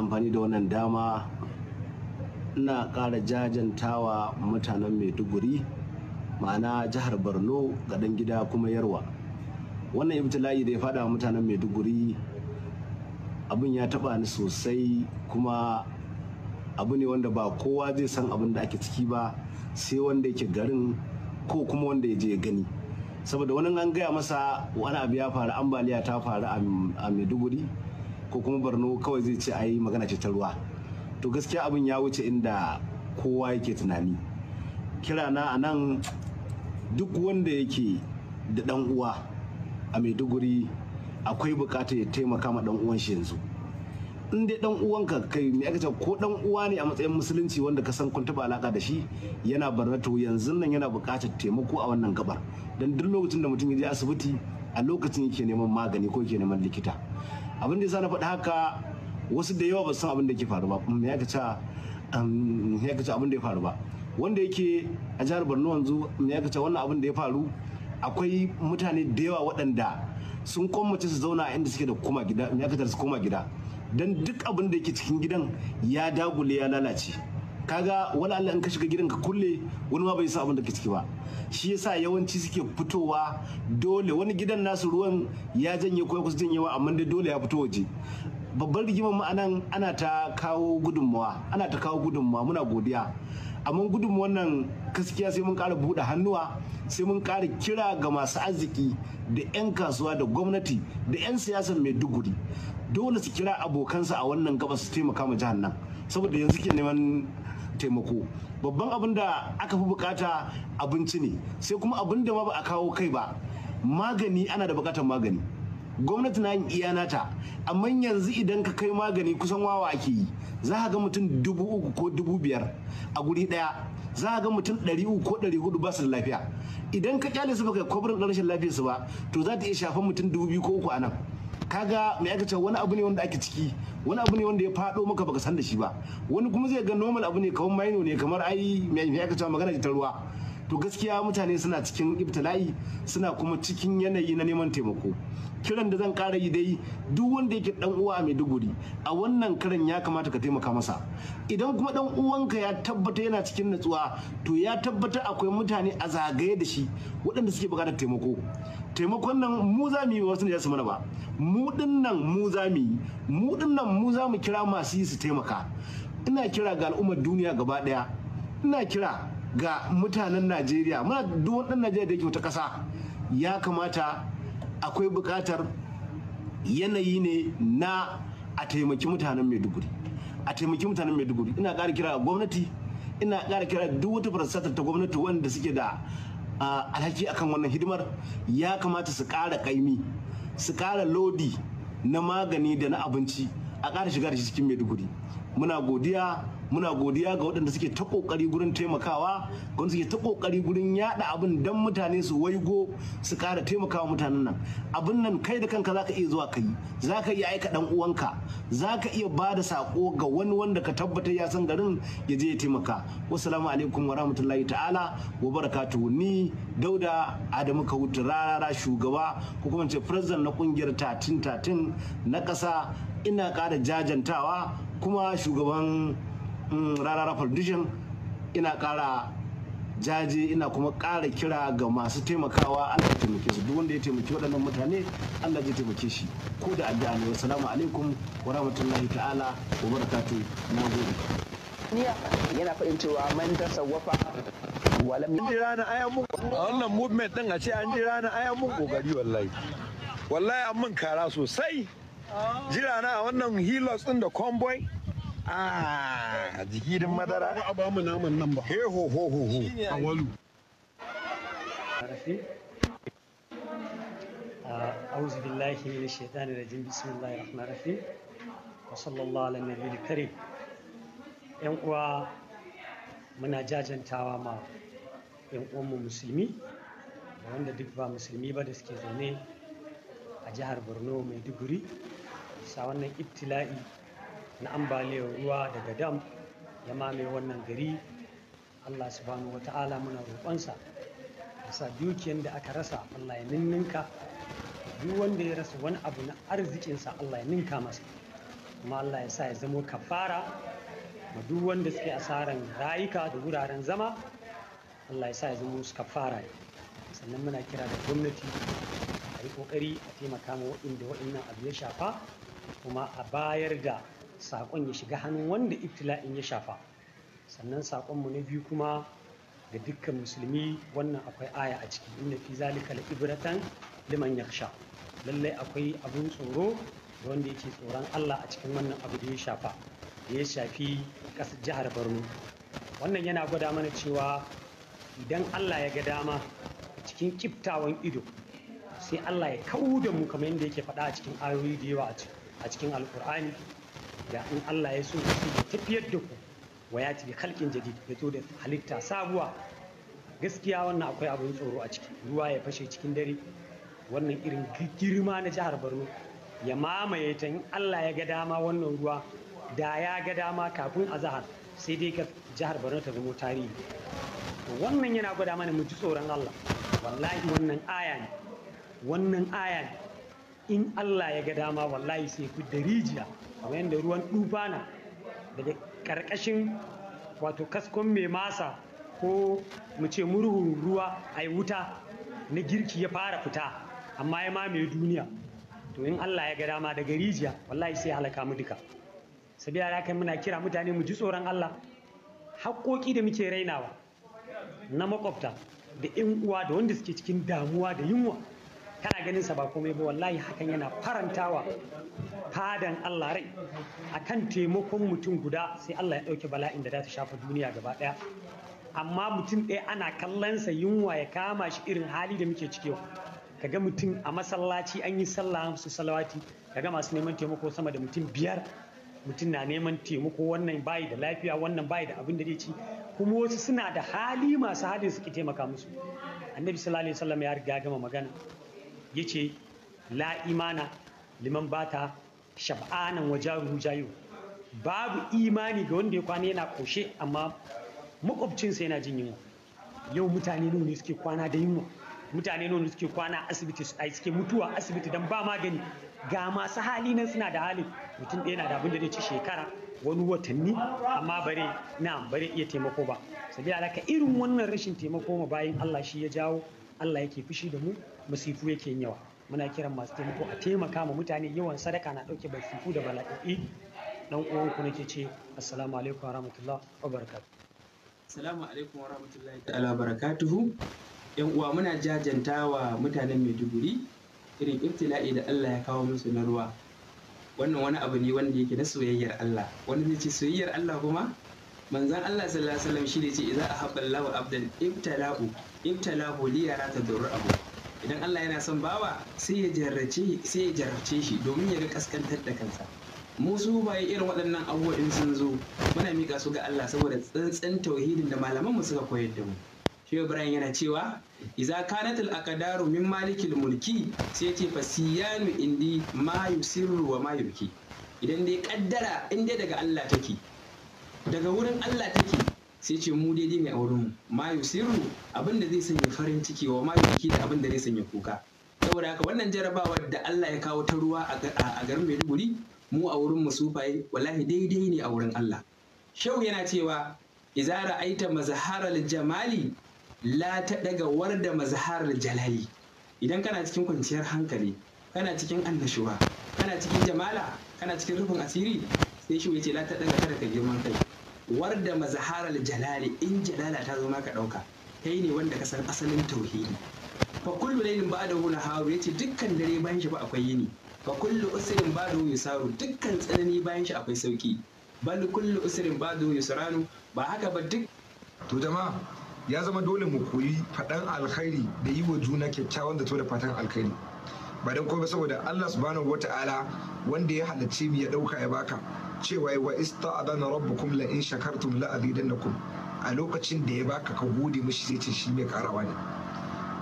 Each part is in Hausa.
amfani da wannan dama ina ƙara jajantawa mutanen maiduguri ma'ana jihar borno dan gida kuma yarwa wannan ibtila'i da ya faɗa mutanen maiduguri abin ya taɓa ni sosai kuma abu ne wanda ba kowa zai san abin da ake ciki ba sai wanda yake garin ko kuma wanda ya je gani saboda wani an gaya masa wani abu ya faru ambaliya ta faru a maiduguri ko kuma barno kawai zai ce ai magana ce ta ruwa to gaskiya abin ya wuce inda kowa yake tunani kirana a nan duk wanda yake da dan uwa a maiduguri akwai bukatar ya taimaka ma dan uwan shi yanzu in dai dan uwanka kai me aka ce ko dan uwa ne a matsayin musulunci wanda ka san kun taba alaka da shi yana barnato yanzu nan yana bukatar taimako a wannan gabar dan duk lokacin da mutum ya je asibiti a lokacin yake neman magani ko yake neman likita abin da yasa na faɗi haka wasu da yawa ba san abin da ke faru ba ya ya ka abin da ya faru ba wanda yake a jihar Borno yanzu ya wannan abin da ya faru akwai mutane da yawa waɗanda sun kwamace su zauna a inda suke da koma gida ya su koma gida dan duk abin da yake cikin gidan ya dagule ya lalace kaga wani Allah in ka shiga gidan ka kulle wani ma bai sa abin da ke ciki ba shi yasa yawanci suke fitowa dole wani gidan nasu ruwan ya janye ko ya kusa janyewa amma dai dole ya fito waje babbar rigimar mu anan ana ta kawo gudunmuwa ana ta kawo gudunmawa muna godiya amma gudun wannan gaskiya sai mun ƙara buɗe hannuwa sai mun kara kira ga masu arziki da 'yan kasuwa da gwamnati da 'yan siyasar duguri dole su kira abokansa a wannan gaba su taimaka ma jihar nan saboda yanzu ke neman taimako babban abin da aka fi bukata abinci ne sai kuma abin da ma ba a kawo kai ba magani ana da bukatar magani gwamnati na yin iya nata amma yanzu idan ka kai magani kusan wawa ake yi za ga mutum dubu uku ko dubu biyar a guri daya za ga mutum ɗari uku ko ɗari hudu ba su da lafiya idan ka kyale su baka kwabrin da rashin lafiyar su ba to za ta iya shafan mutum dubu biyu ko uku a nan kaga mai aka wani abu ne wanda ake ciki wani abu ne wanda ya fado maka baka san da shi ba wani kuma zai ga normal abu ne kamar maino ne kamar ai mai aka magana ta ruwa to gaskiya mutane suna cikin ibtila'i suna kuma cikin yanayi na neman taimako kiran da zan kara yi dai duk wanda yake dan uwa a Maiduguri a wannan karan ya kamata ka taimaka masa idan kuma dan uwanka ya tabbata yana cikin natsuwa to ya tabbata akwai mutane a zagaye da shi waɗanda suke buƙatar taimako taimakon nan mu za mu yi wasu ne su mana ba mu din nan mu za mu yi mu din nan mu za mu kira masu yi su taimaka ina kira ga al'ummar duniya gaba ɗaya ina kira ga mutanen najeriya muna duk waɗannan najeriya da yake wata ƙasa ya kamata akwai buƙatar yanayi ne na a taimaki mutanen maiduguri a taimaki mutanen maiduguri ina ƙara kira gwamnati ina ƙara kira duk wata farsatar ta gwamnati wanda suke da alhaki akan wannan hidimar ya kamata su ƙara kaimi su ƙara lodi na magani da na abinci a ƙara shiga da shi cikin maiduguri muna godiya muna godiya ga waɗanda suke ta kokari gurin taimakawa wanda suke ta kokari gurin yaɗa abin dan mutane su waigo su ƙara taimakawa mutanen nan abin nan kai da kanka za ka iya zuwa kai ka iya aika ɗan uwanka za ka iya ba da sako ga wani wanda ka tabbatar ya san garin ya je ya taimaka wassalamu alaikum wa rahmatullahi ta'ala wa barakatuhu ni dauda adamu kawutu rarara shugaba ko kuma ce president na kungiyar tatin tatin na ƙasa ina ƙara jajantawa kuma shugaban rarara foundation ina kara jaji ina kuma kara kira ga masu taimakawa Allah ya taimake su duk wanda ya taimake waɗannan mutane Allah zai taimake shi ko da addu'a ne assalamu alaikum wa rahmatullahi ta'ala wa barakatuh nagode yana fadin cewa man sawafa walam an jira na aya wannan movement din a ce an jira na aya mu kokari wallahi wallahi an mun kara sosai jira na a wannan hilos din da convoy a ah, jikin madara ba a naman nan ba eh, ho ho ho ho a walu أعوذ بالله من الشيطان الرجيم بسم الله الرحمن الرحيم وصلى الله على النبي الكريم ‘yan muna jajantawa ma ‘yan uwanmu musulmi wanda duk ba musulmi ba da suke zaune a jihar borno duguri sa wannan ibtila'i na ambaliyar ruwa daga dam ya mamaye wannan gari allah subhanahu wata'ala muna roƙonsa da sa dukiyar da aka rasa allah ya ninninka duk wanda ya rasa wani abu na arzikinsa allah ya ninka masa kuma allah ya sa ya zamo kafara ma duk wanda suke asaran rayuka da wuraren zama allah ya sa ya zamo su kafara sannan muna kira da gwamnati a yi kokari a taimaka ma waɗanda waɗannan abu ya shafa kuma a bayar da saƙon ya shiga hannun wanda ibtila'in ya shafa sannan saƙonmu na biyu kuma ga dukkan musulmi wannan akwai aya a ciki inna fi zalika la ibratan liman yakhsha lallai akwai abun tsoro da wanda yake tsoron Allah a cikin wannan abu da ya shafa da ya shafi ƙasar jihar Borno wannan yana gwada mana cewa idan Allah ya ga dama cikin kiftawan ido sai Allah ya kawo da mu kamar yadda yake faɗa a cikin ayoyi da yawa a cikin alkur'ani da in Allah ya so ya tafiyar da ku wa ya ciki halkin jadid ya zo da halitta sabuwa gaskiya wannan akwai abin tsoro a ciki ruwa ya fashe cikin dare wannan irin girma na jihar Borno ya mamaye ta in Allah ya ga dama wannan ruwa da ya ga dama kafin azhar sai dai ka jihar Borno ta zama tarihi wannan yana gwada mana mu ji tsoron Allah wallahi wannan aya ne wannan aya ne in Allah ya ga dama wallahi sai ku darijiya kamar yadda ruwan dufana daga karkashin wato kaskon mai masa ko mu ce murhun ruwa a wuta na girki ya fara fita amma ya mamaye duniya to in Allah ya ga dama daga rijiya wallahi sai halaka mu duka sabiya da kai muna kira mutane mu ji tsoron Allah haƙoƙi da muke rainawa na makwabta da 'yan uwa da wanda suke cikin damuwa da yunwa kana ganin sa ba komai ba wallahi hakan yana farantawa fadan Allah rai akan taimakon mutum guda sai Allah ya ɗauki bala'in da za ta shafa duniya gaba ɗaya amma mutum ɗaya ana kallon sa yunwa ya kama shi irin hali da muke ciki kaga mutum a masallaci an yi sallah su salawati kaga masu neman taimako sama da mutum biyar mutum na neman taimako wannan bayi da lafiya wannan bayi da abin da zai ci kuma wasu suna da hali masu hadin su ke taimaka musu annabi sallallahu alaihi wasallam ya riga gama magana yace la imana liman bata shab'anan wa jaruhu jayu babu imani ga wanda ya kwana yana koshe amma makwabcinsa yana jin yunwa yau mutane nawa ne suke kwana da yunwa mutane nawa ne suke kwana asibiti suke mutuwa asibiti dan ba magani ga masu hali nan suna da hali mutum ɗaya na da abin da zai ci shekara wani watanni amma bare na bare iya taimako ba sabila alaka irin wannan rashin taimako ma bayan Allah shi ya jawo Allah yake fushi da mu masifu yake yawa muna kiran masu taimako a taimaka ma mutane yawan sadaka na ɗauke masifu da bala'i dan uwanku nake ce assalamu alaikum wa wabarakatuh assalamu alaikum wa ta'ala barakatuhu yan uwa muna jajanta wa mutanen Maiduguri irin ibtila'i da Allah ya kawo musu na ruwa wannan wani abu ne wanda yake na soyayyar Allah wani zai ce soyayyar Allah kuma manzan Allah sallallahu alaihi wasallam shi ne ce idza ahabballahu abdan ibtala'u talahu li yara abu. idan Allah yana son bawa sai ya jarrace sai ya jarrace shi domin ya ga kaskantar da kansa mu su baye irin waɗannan abubuwa in sun zo muna mika su ga Allah saboda tsantsan tauhidin da malaman mu suka koyar da mu shi Ibrahim yana cewa idza kanatil aqdaru min malikil mulki sai ya ce fasiyanu indi ma yusirru wa ma yubki idan dai kaddara in dai daga Allah take daga wurin Allah take sai ce mu daidai ne a mu ma yusiru abin da zai sanya farin ciki wa ma yuki da abin da zai sanya kuka saboda haka wannan jarabawar da Allah ya kawo ta ruwa a garin Maiduguri mu a wurin mu sufaye wallahi daidai ne a wurin Allah shau yana cewa idza ra'aita mazharal jamali la ta daga warda mazharal jalali idan kana cikin kwanciyar hankali kana cikin annashuwa kana cikin jamala kana cikin rufin asiri sai shi ce la ta daga kada ka girman kai warda mazaharar jalali in jalala ta zo maka ɗauka kai ne wanda ka san asalin tauhidi fa kullu laylin hu naharu yace dukkan dare bayan shi ba akwai yini fa kullu usrin hu yusaru dukkan tsanani bayan shi akwai sauki bal kullu usrin hu yusranu ba haka ba duk to jama'a ya zama dole mu koyi faɗan alkhairi da yi wa juna kyakkyawan zato da fatan alkhairi ba don komai saboda Allah subhanahu wata'ala wanda ya halarci mu ya ɗauka ya baka cewa wa ista'adana rabbukum la in shakartum la azidannakum a lokacin da ya baka ka gode mishi sai ce shi mai karawa ne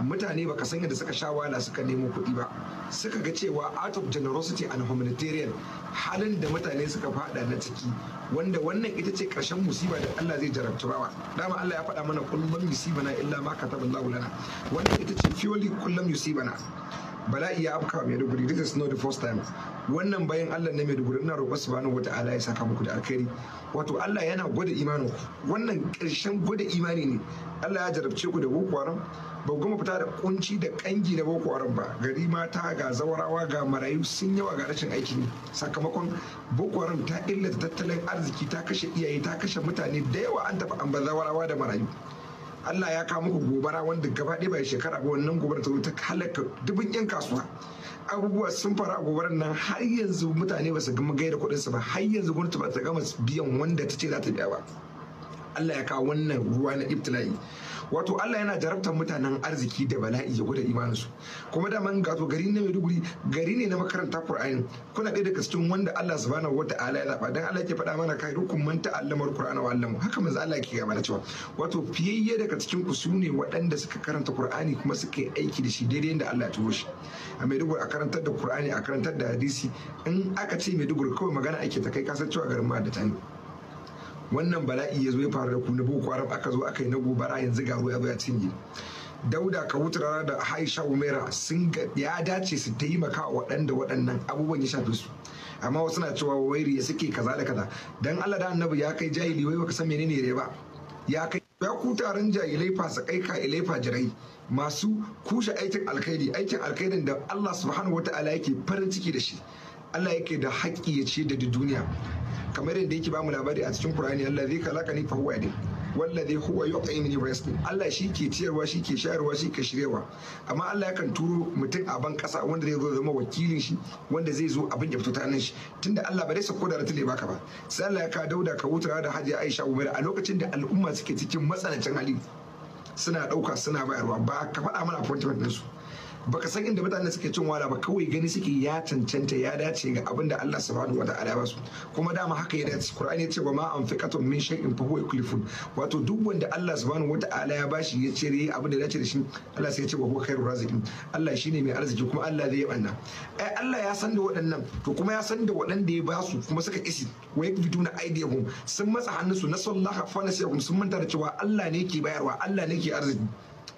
mutane baka san yadda suka sha wahala suka nemo kuɗi ba suka ga cewa out of generosity and humanitarian halin da mutane suka fada na ciki wanda wannan ita ce karshen musiba da Allah zai jarabta bawa dama Allah ya faɗa mana kullum musibana illa ma kataballahu lana wannan ita ce fiyoli kullum musibana bala'i ya afka maiduguri this is not the first time wannan bayan allah na maiduguri ina roƙon subhanahu wata ya saka muku da alkhairi wato allah yana gwada imanin wannan ƙarshen gwada imani ne allah ya jarabce ku da boko haram ba goma fita da kunci da kangi da boko haram ba gari mata ga zawarawa ga marayu sun yawa ga rashin aikin sakamakon boko haram ta illata tattalin arziki ta kashe iyaye ta kashe mutane da yawa an tafi an ba zawarawa da marayu Allah ya kawo muku gobara wanda gaba ɗaya bai shekara ba wannan gobara ta ta halaka dubin yan kasuwa abubuwa sun faru a gobarar nan har yanzu mutane ba su gama gaida kuɗin su ba har yanzu gwamnati ba ta gama biyan wanda ta ce za ta biya ba Allah ya kawo wannan ruwa na ibtila'i wato Allah yana jarabtar mutanen arziki da bala'i ya gwada imaninsu kuma da man gato gari na Maiduguri gari ne na makaranta Qur'ani kuna ɗaya daga cikin wanda Allah subhanahu wata'ala ya zaba dan Allah ke faɗa mana kai rukun man allamar Qur'ani wa allamu haka manzo Allah ke gaba da cewa wato fiyayye daga cikin ku su ne waɗanda suka karanta Qur'ani kuma suka yi aiki da shi daidai yadda Allah ya turo shi a Maiduguri a karantar da Qur'ani a karantar da hadisi in aka ce Maiduguri kawai magana ake ta kai kasancewa garin ma da ne wannan bala'i ya zo ya faru da ku na boko haram aka zo aka yi na gobara yanzu ga ruwa ya cinye dauda ka rana da haisha umera sun ya dace su taimaka waɗanda waɗannan abubuwan ya shafe su amma wasu na cewa wairi ya suke kaza da kaza dan Allah da annabi ya kai jahili wai baka san menene ne ba ya kai ya ku taron jahilai kai ka ilai fajirai masu kushe aikin alkhairi aikin alkhairin da Allah subhanahu wataala yake farin ciki da shi Allah yake da haƙƙi ya ce da duniya kamar yadda yake bamu labari a cikin Qur'ani Allah zai kalaka ni fa huwa yadin zai huwa yi wa yasqin Allah shi ke ciyarwa shi ke shayarwa shi ke shirewa amma Allah yakan turo mutum a ban kasa wanda zai zo zama wakilin shi wanda zai zo abin ya fito ta nan shi tunda Allah ba zai sako da ratule baka ba sai Allah ya ka dauda ka wuta da Hajiya Aisha Umar a lokacin da al'umma suke cikin matsanancin hali suna dauka suna bayarwa ba ka faɗa mana appointment din su baka san inda mutane suke cin wala ba kawai gani suke ya cancanta ya dace ga abin da Allah subhanahu wa ta'ala ba su kuma dama haka ya dace Qur'ani ya ce ba ma anfiqatum min shay'in fa huwa yuklifun wato duk wanda Allah subhanahu wa ta'ala ya bashi ya ce yayi abin da ya dace da shi Allah sai ya ce ba huwa khairur razikin Allah shine mai arziki kuma Allah zai yabanna ai Allah ya san da waɗannan to kuma ya san da waɗanda ya ba su kuma suka isi wa na aydihum sun matsa hannunsu sallaha fa nasihum sun manta da cewa Allah ne ke bayarwa Allah ne ke arziki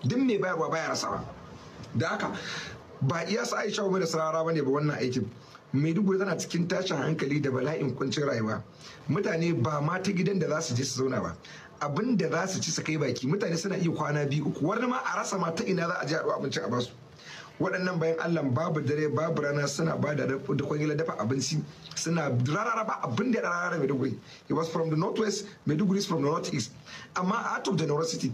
duk mai bayarwa baya rasawa da haka ba iya sa aisha umar da sarara bane ba wannan aikin maiduguri tana cikin tashin hankali da bala'in kuncin rayuwa mutane ba ma ta gidan da za su je su zauna ba abin da za su ci su kai baki mutane suna iya kwana biyu uku wani ma a rasa ma ta ina za a je a ɗau abincin a basu waɗannan bayan allah babu dare babu rana suna ba da gila dafa abinci suna rarara ba abin da ya rarara maiduguri it was from the northwest maiduguri is from the northeast amma out of generosity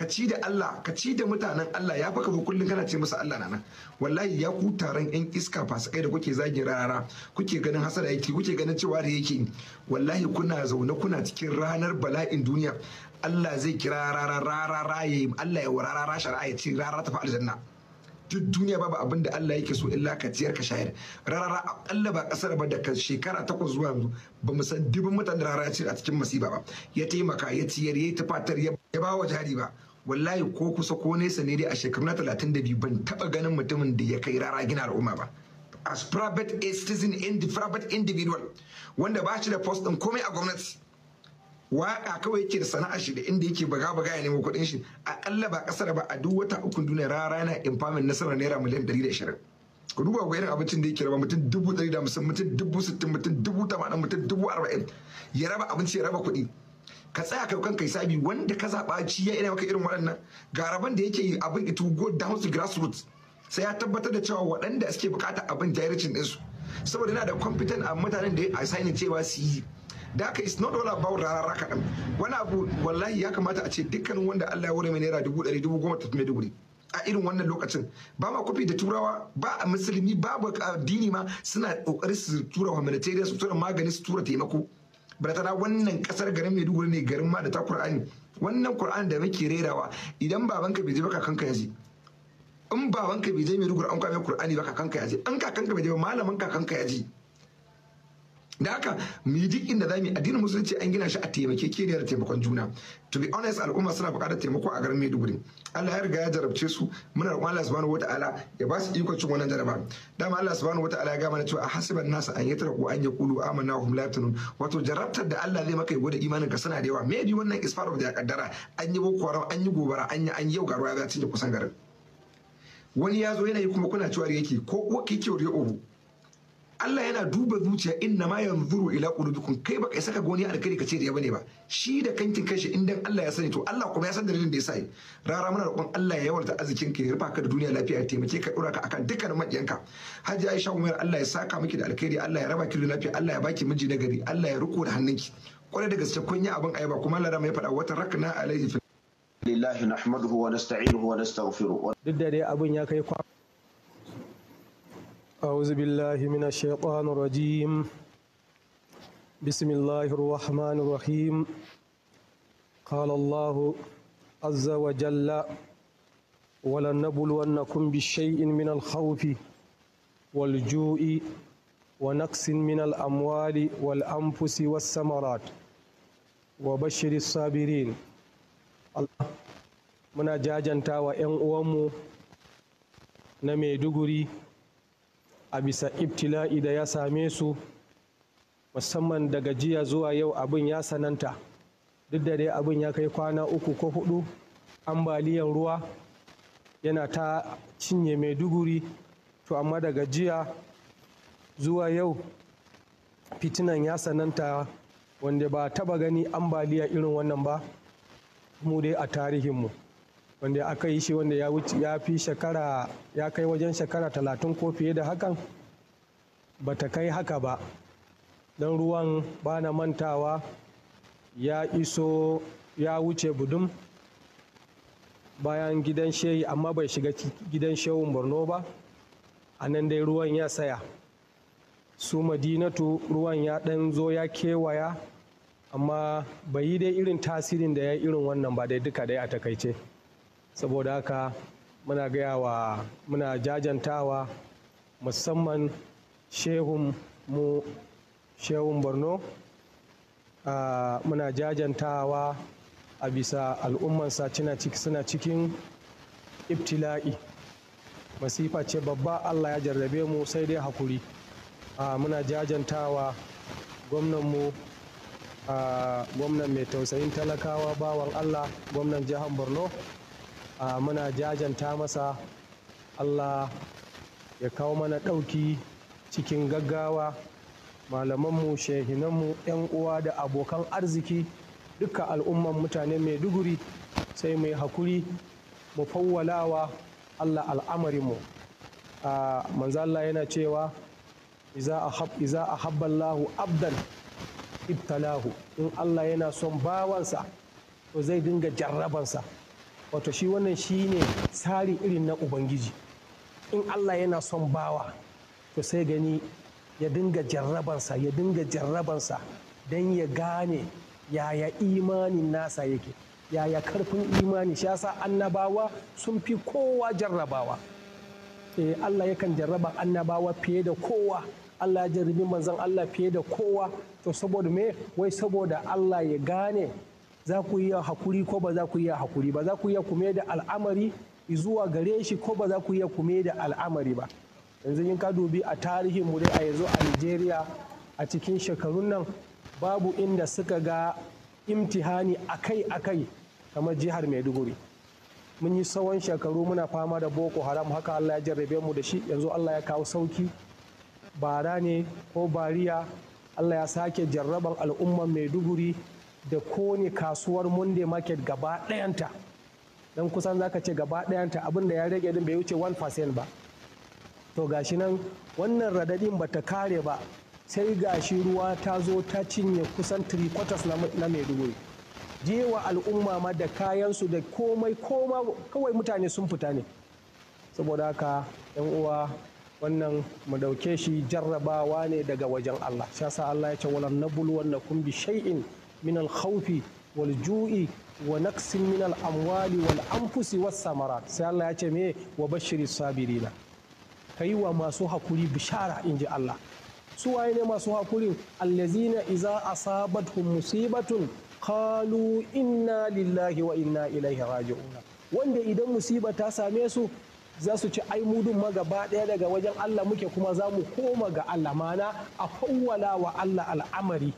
ka ci da Allah ka ci da mutanen Allah ya faka ku kullum kana ce musu Allah na wallahi ya ku taron yan iska fasikai da kuke zagin rara kuke ganin hasara yake kuke ganin cewa da yake wallahi kuna zaune kuna cikin ranar bala'in duniya Allah zai kira rara rara raye Allah ya warara rara shari'a ya ci rara tafi aljanna duk duniya babu abin da Allah yake so illa ka ciyar ka shayar rara Allah ba kasar ba da daga shekara takwas zuwa yanzu ba mu san dubin mutanen rara ya ci a cikin masiba ba ya taimaka ya ciyar ya yi tafatar ya ba wa jari ba wallahi ko kusa ko nesa ne dai a shekaru na 32 ban taba ganin mutumin da ya kai rara gina al'umma ba as private citizen in private individual wanda ba shi da post din komai a gwamnati waka kawai yake da sana'a shi da inda yake baga baga ya nemo kuɗin shi akalla ba kasar ba a duk wata ukun duniya rara yana impamin nasarar naira miliyan 120 ku duba ga irin abincin da yake raba mutum dubu dari da mutum dubu sittin mutum dubu tamanin mutum dubu arba'in ya raba abinci ya raba kuɗi ka tsaya kai kanka hisabi wanda ka zaba ci ya ina maka irin waɗannan ga rabon da yake abin it go down to grassroots sai ya tabbatar da cewa waɗanda suke bukata abin din su saboda yana da competent a mutanen da a sani cewa su yi da haka it's not all about rarara kaɗan wani abu wallahi ya kamata a ce dukkanin wanda Allah ya wuri mai naira dubu ɗari dubu goma dubu Maiduguri a irin wannan lokacin ba ma kofi da turawa ba a musulmi babu addini ma suna ƙoƙari su tura humanitarian su tura magani su tura taimako barazana wannan kasar garin maiduguri ne garin ma da ta qur'ani wannan qur'ani da muke rerawa idan babanka bai je ba kanka ya je in babanka bai je maiduguri an kwame qur'ani ba kanka ya je in kakanka bai je ba malamin kakanka ya je da haka mu yi duk inda zamu addinin musulunci an gina shi a taimake da taimakon juna to be honest al'umma suna bukatar taimako a garin Maiduguri Allah ya riga ya jarabce su muna roƙon Allah subhanahu wataala ya ba su iko cikin wannan jaraba dama Allah subhanahu wataala ya ga mana cewa hasiban nasu an yatraku an yaqulu amanna wa hum la yaftanun wato jarabtar da Allah zai maka da imanin ka suna da yawa maybe wannan is part of the kaddara an yi boko haram an yi gobara an yi an yau garuwa ya cinye kusan garin wani ya zo yana yi kuma kuna cewa yake ko ko kike wuri Allah yana duba zuciya in inna ma yanzuru ila qulubikum kai baka isa saka goni alkhairi ka ce da bane ba shi da kankin kanshi in dan Allah ya sani to Allah kuma ya san dalilin da ya sai rara muna roƙon Allah ya yawarta arzikin ka ya rufa ka da duniya lafiya ya taimake ka dora ka akan dukkan maƙiyanka Hajji Aisha Umar Allah ya saka miki da alkhairi Allah ya raba ki da lafiya Allah ya baki miji na gari Allah ya riko da hannunki kwarai da gaske kun yi abin ayaba kuma Allah ya faɗa wata rakna alaihi lillahi nahmaduhu wa nasta'inuhu wa nastaghfiruh duk da dai abun ya kai kwa أعوذ بالله من الشيطان الرجيم بسم الله الرحمن الرحيم قال الله عز وجل ولنبلونكم بشيء من الخوف والجوع ونقص من الأموال والأنفس والثمرات وبشر الصابرين muna jajanta wa 'yan uwanmu na maiduguri a bisa ibtila'i da ya same su musamman daga jiya zuwa yau abin ya sananta duk da dai abin ya kai kwana uku ko hudu ambaliyar ruwa yana ta cinye mai duguri to amma daga jiya zuwa yau fitinan ya sananta wanda ba taba gani ambaliya irin wannan ba mu dai a tarihinmu wanda aka yi shi wanda ya ya fi shekara ya kai wajen shekara talatin ko fiye da hakan ba ta kai haka ba don ruwan ba na mantawa ya iso ya wuce budum bayan gidan shehi amma bai shiga gidan shehun borno ba a nan dai ruwan ya saya su madinatu ruwan ya ɗan zo ya kewaya amma bai yi dai irin tasirin da ya irin wannan ba dai duka dai a takaice. saboda haka muna gaya wa muna jajantawa musamman shehun mu shehun borno muna jajantawa a bisa al'ummansa suna cikin ibtila'i masifa ce babba allah ya jarrabe mu sai dai hakuri muna jajantawa gwamnanmu gwamnan mai tausayin talakawa bawan allah gwamnan jihar borno muna jajanta masa allah ya kawo mana ɗauki cikin gaggawa malamanmu shehinanmu 'yan uwa da abokan arziki duka al'umman mutane mai duguri sai mai hakuri mu fawwalawa allah al'amarinmu manzala yana cewa iza a habballahu abdan ibtalahu in allah yana son bawansa to zai dinga jarrabansa wato shi wannan shi ne tsari irin na ubangiji in allah yana son bawa to sai gani ya dinga jarrabansa ya dinga jarrabansa don ya gane yaya imanin nasa yake yaya karfin imani shi yasa annabawa sun fi kowa jarrabawa e, allah yakan jarraba annabawa fiye da kowa allah ya jarrabi manzon allah fiye da kowa to saboda me wai saboda allah ya gane za ku iya hakuri ko ba za ku iya hakuri ba za ku iya kume da al'amari zuwa gare shi ko ba za ku iya kume da al'amari ba yanzu in ka dubi a tarihin mu dai a yanzu a Nigeria a cikin shekarun nan babu inda suka ga imtihani akai-akai kamar jihar Maiduguri mun yi tsawon shekaru muna fama da boko haram haka Allah ya jarrabe mu da shi yanzu Allah ya kawo sauki bara ne ko bariya Allah ya sake jarraban al'umman Maiduguri da kone kasuwar monday market gaba ɗayanta don kusan zaka ce gaba ɗayanta abinda ya rage din bai wuce 1% ba to gashi nan wannan radadin ba ta kare ba sai gashi ruwa ta zo ta cinye kusan 3 quarters na maiduguri jewa al'umma ma da kayansu da komai koma kawai mutane sun fita ne saboda haka yan uwa wannan mu dauke shi jarrabawa ne daga wajen Allah shi yasa Allah ya ce walan nabulu na kumbi shay'in من الخوف والجوع ونقص من الأموال والأنفس والثمرات سألنا يا وبشر الصابرين kai wa masu hakuri bishara in ji Allah su waye ne masu hakuri allazina iza asabatuhum musibatun qalu inna lillahi wa inna ilaihi raji'un wanda idan musiba ta same su za su ci ai mudun ma gaba daya daga wajen Allah muke kuma za mu koma ga Allah mana a fawwala wa Allah al'amari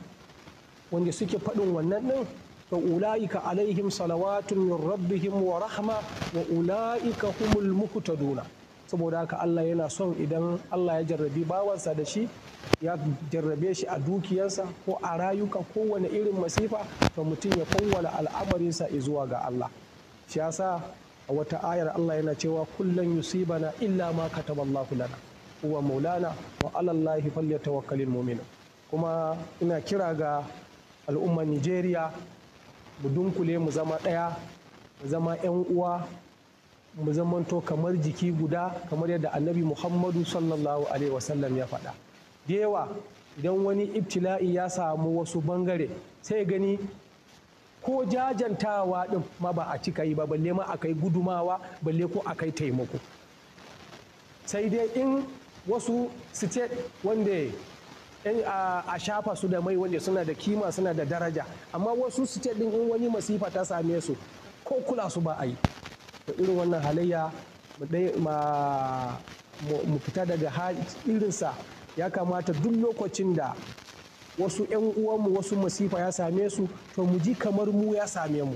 wanda suke faɗin wannan ɗin ta ula'ika alaihim salawatun min rabbihim wa rahma wa ula'ika humul muhtaduna saboda haka Allah yana son idan Allah ya jarrabi bawansa da shi ya jarrabe shi a dukiyarsa ko a rayuka kowane irin masifa to mutum ya kowwala al'amarinsa zuwa ga Allah shi yasa a wata ayar Allah yana cewa kullun yusibana illa ma kataballahu lana huwa maulana wa alallahi tawakkalin mu'min kuma ina kira ga al'ummar nigeria mu dunkule mu zama ɗaya mu zama 'yan uwa mu zamanto kamar jiki guda kamar yadda annabi muhammadu sallallahu alaihi wasallam ya faɗa da yawa idan wani ibtila'i ya samu wasu bangare sai gani ko jajantawa din ma ba a cika yi ba balle ma a kai gudumawa balle ko a kai taimako sai dai in wasu state wanda a shafa su da mai wanda suna da kima suna da daraja amma wasu su ce din in wani masifa ta same su ko kula su ba a yi to irin wannan halayya mu fita daga irinsa ya kamata duk lokacin da wasu 'yan uwanmu wasu masifa ya same su to mu ji kamar mu ya same mu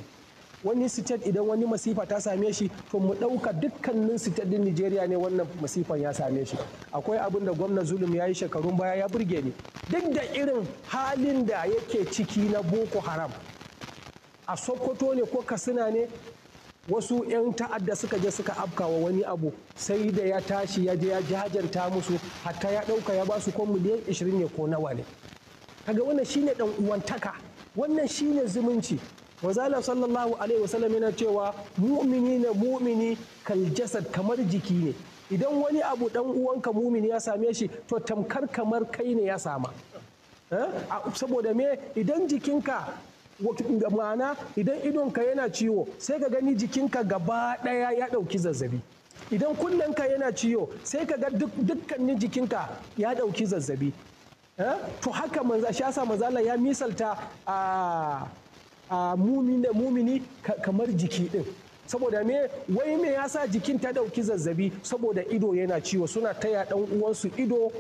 wani state idan wani masifa ta same shi to mu ɗauka dukkanin state din Nigeria ne wannan masifan ya same shi akwai abin da gwamnan zulum ya yi shekarun baya ya burge ni duk da irin halin da yake ciki na boko haram a sokoto ne ko katsina ne wasu 'yan ta'adda suka je suka afkawa wani abu sai da ya tashi ya je ya jajanta musu hatta ya ɗauka ya ba su ko miliyan 20 ne ko nawa ne kaga wannan shine dan uwantaka wannan shine zumunci wazalar sallallahu alaihi wasallam yana cewa mu'mini na mu'mini kal jasad kamar jiki ne idan wani abu dan uwanka mumini ya same shi to tamkar kamar kai ne ya sama eh? saboda me idan jikinka ma'ana idan idonka yana ciwo sai ka gani jikinka gaba daya ya dauki zazzabi idan kunnenka yana ciwo sai ka ga dukkanin jikinka ya dauki zazzabi eh? to haka manza shi ya misalta a ah, a mumini kamar jiki din saboda me wai me yasa jikin ta dauki zazzabi saboda ido yana ciwo suna taya dan uwansu ido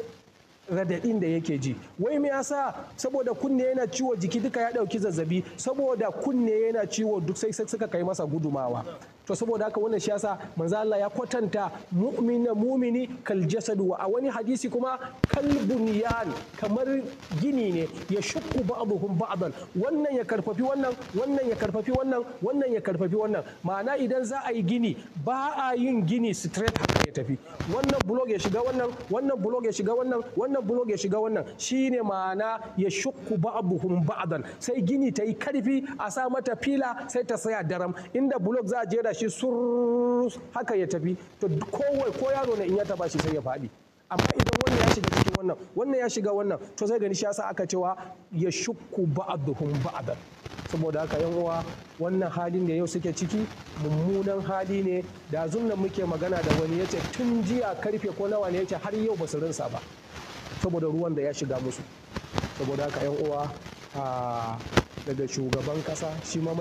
radadin da yake ji wai me yasa saboda kunne yana ciwo jiki duka ya dauki zazzabi saboda kunne yana ciwo duk sai suka kai masa gudumawa to saboda haka wannan shi yasa manzo Allah ya kwatanta mu'mina mumini kal jasad wa a wani hadisi kuma kal bunyan kamar gini ne ya shukku ba'dhum ba'dan wannan ya karfafi wannan wannan ya karfafi wannan wannan ya karfafi wannan ma'ana idan za a yi gini ba a yin gini straight ya tafi wannan blog ya shiga wannan wannan blog ya shiga wannan wannan blog ya shiga wannan shine ma'ana ya shukku ba'abuhum ba'dan sai gini ta yi karfi a sa mata fila sai ta saya daram inda blog za a jera shi sur haka ya tafi to kowai ko yaro ne in ya taba shi sai ya faɗi amma idan wannan ya shiga cikin wannan wannan ya shiga wannan to sai gani shi yasa aka cewa ya shukku ba'aduhum ba'dan saboda haka yan uwa wannan halin da yau suke ciki mummunan hali ne da zunnan muke magana da wani yace tun jiya karfe ko nawa ne yace har yau ba su rinsa ba saboda ruwan da ya shiga musu saboda haka yan uwa daga shugaban kasa shi ma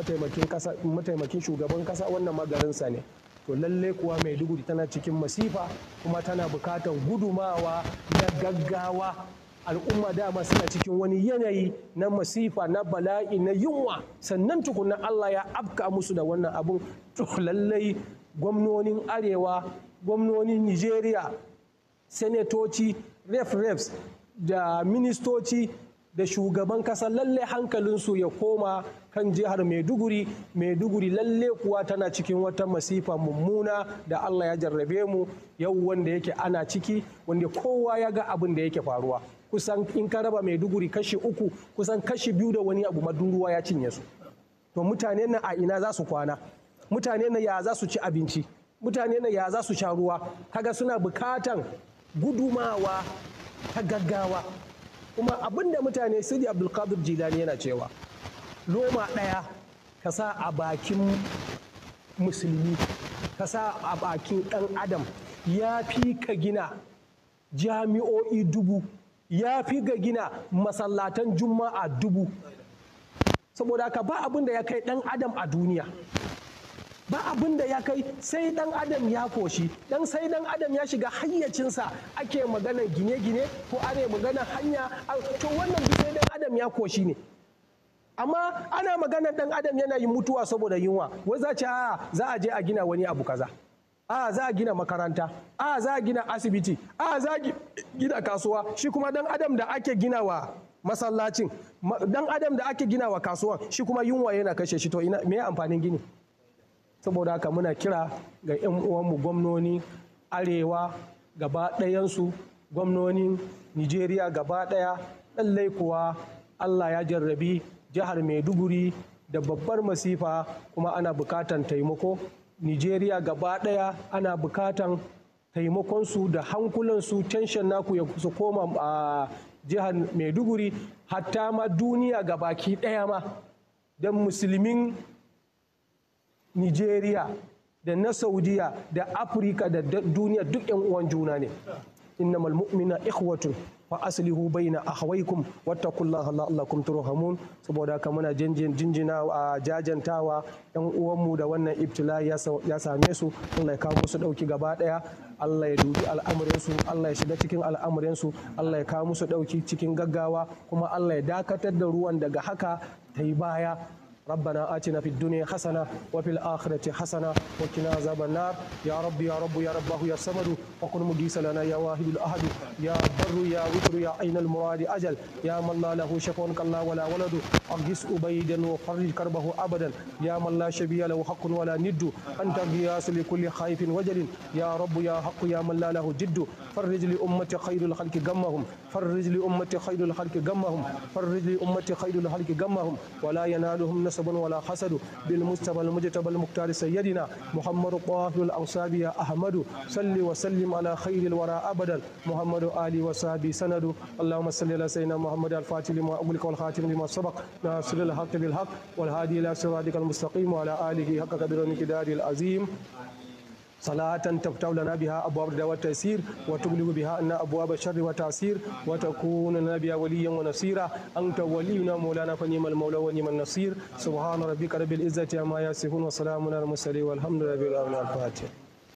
mataimakin shugaban kasa wannan magarinsa ne to lallai kuwa mai maiduguri tana cikin masifa kuma tana bukatar gudumawa na gaggawa al'umma dama suna cikin wani yanayi na masifa na bala'i na yunwa sannan tukuna Allah ya afka musu da wannan abun lallai gwamnonin arewa gwamnonin nigeria senatoci ref refs da ministoci da shugaban kasa lalle hankalinsu ya koma kan jihar maiduguri maiduguri lalle kuwa tana cikin wata masifa mummuna da allah ya jarrabe mu yau wanda yake ana ciki wanda kowa ya ga abin da yake faruwa kusan in ka raba maiduguri kashi uku kusan kashi biyu da wani abu maduruwa ya cinye su to mutane na a ina za su kwana mutane na ya za su ci abinci mutane na ya za su sha ruwa kaga suna bukatan gudumawa ta gaggawa kuma abin da mutane sidi abdulkadir jilani yana cewa loma ɗaya ka sa a bakin musulmi ka sa a bakin ɗan adam ya fi ka gina jami'o'i dubu ya fi ga gina masallatan juma'a dubu saboda haka ba abin da ya kai dan adam a duniya ba abin da ya kai sai dan adam ya koshi dan sai dan adam ya shiga hayyacinsa ake magana gine-gine ko ana magana hanya to wannan sai dan adam ya koshi ne amma ana magana dan adam yana yin mutuwa saboda yunwa wai za za a je a gina wani abu kaza a za a gina makaranta a za a gina asibiti a za a gina kasuwa shi kuma dan adam da ake gina wa masallacin dan adam da ake gina wa kasuwan shi kuma yunwa yana kashe shi to ina me amfanin gini saboda haka muna kira ga 'yan uwanmu gwamnoni arewa gaba ɗayansu gwamnonin nigeria gaba ɗaya lallai kuwa allah ya jarrabi jihar maiduguri da babbar masifa kuma ana bukatan taimako nigeria gaba ɗaya ana bukatan taimakonsu da hankulansu tension naku ya su koma a jihar maiduguri hatta ma duniya ga baki ɗaya ma don musulmin nigeria da na saudiya da afirka da duniya duk 'yan uwan juna ne innamal mu'mina ikhwatun wa aslihu baina ahwaikum wattaqullaha la'allakum turhamun saboda haka muna jinjina a jajantawa yan uwanmu da wannan ibtila ya same su Allah ya kawo musu dauki gaba daya Allah ya dubi al'amuran Allah ya shiga cikin al'amuran Allah ya kawo musu dauki cikin gaggawa kuma Allah ya dakatar da ruwan daga haka ta yi baya ربنا آتنا في الدنيا حسنة وفي الآخرة حسنة وقنا عذاب النار يا رب يا رب يا رب يا صمد وكن مجيس لنا يا واحد الأحد يا بر يا وتر يا عين المراد أجل يا من لا له شفون كلا ولا ولد أغيس أبيدا وفرج كربه أبدا يا من لا شبيه له حق ولا ند أنت غياس لكل خائف وجل يا رب يا حق يا من لا له جد فرج لأمة خير الخلق قمهم فرج لأمة خير الخلق قمهم فرج لأمة خير الخلق قمهم ولا ينالهم نصر نسب ولا حسد بالمجتبى المجتبى المختار سيدنا محمد الطاهر الأنصابي أحمد صل وسلم على خير الورى أبدا محمد آله وصحبه سند اللهم صل على سيدنا محمد الفاتح لما أغلق والخاتم لما سبق ناصر الحق بالحق والهادي إلى صراطك المستقيم وعلى آله حق قدر العظيم salatan tafta wula nabi ha abuwa da wata sir wata gudu bi ha na abuwa ba sharri wata sir wata kuna na biya wali yan wani sira an ta wali na maula na fani mal maula wani man nasir subhanahu rabbika rabbil izzati amma yasifun wa salamun al mursalin walhamdulillahi rabbil alamin al